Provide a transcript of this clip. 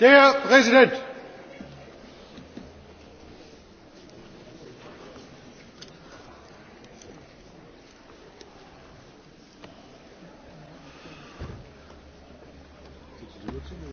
der präsident!